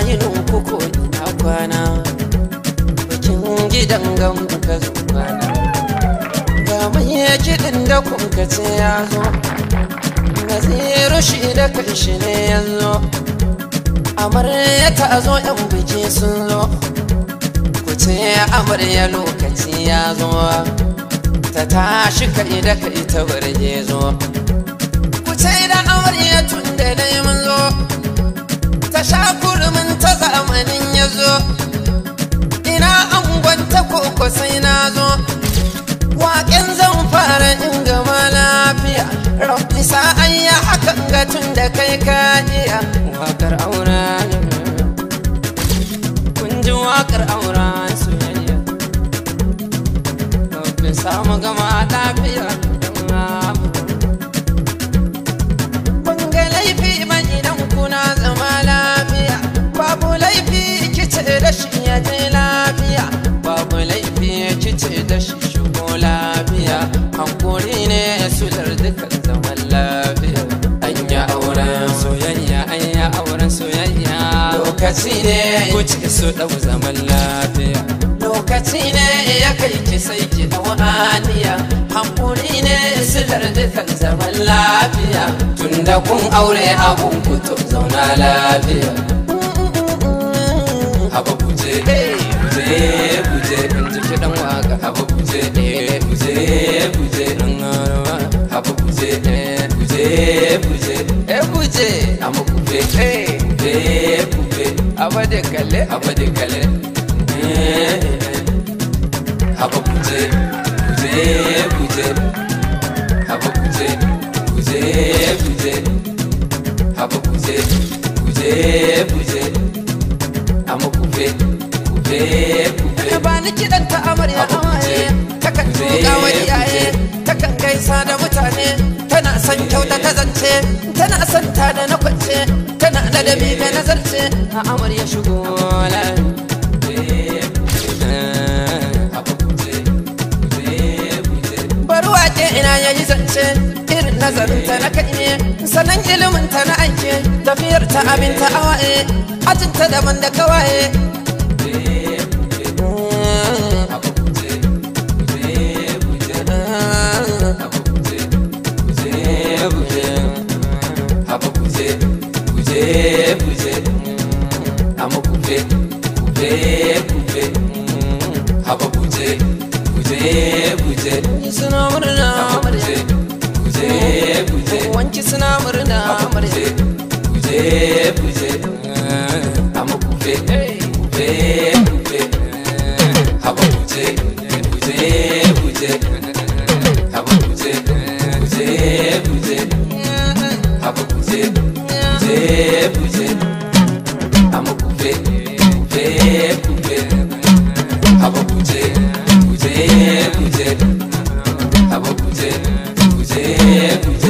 yinin kuko ina kwana bikin gidan gamu ka kwana ga mai kiɗin da kun ka ce ya zo zero shi da kanshi ne ya zo amarya ta zo yan biki sun zo ku ce amarya lokaci ya zo ta tashi kai da kai ta warge zo ku ce da amarya tun da dai mun zo ta baƙin zan fara in gama lafiya rabbi sa'an ya haka ga tun da kai ka iya waƙar aura kun ji waƙar aura soyayya rabbi mu gama lafiya lokaci ne ku ciki su ɗau zaman lafiya lokaci ne ya kai ki sai ki ɗau aniya hankuri ne silar kan zaman lafiya tunda kun aure abun ku to zauna lafiya haba kuje eh, kuje abadikale abadikale haba eh, kuje kuje kuje haba kuje kuje kuje haba kuje kuje kuje amma kufe kufe kufe ba ni kidan ta amarya amaye takan tuka wa iyaye takan gaisa da mutane tana son kyauta ta zance tana son ta da na kwance tana ladabi da nazarce amar ya shigo baruwa ce ina ya yi zance irin ta na kai ne sannan iliminta na aike tafiyarta abinta awaye ajinta daban da kawaye Yeah, yeah, yeah.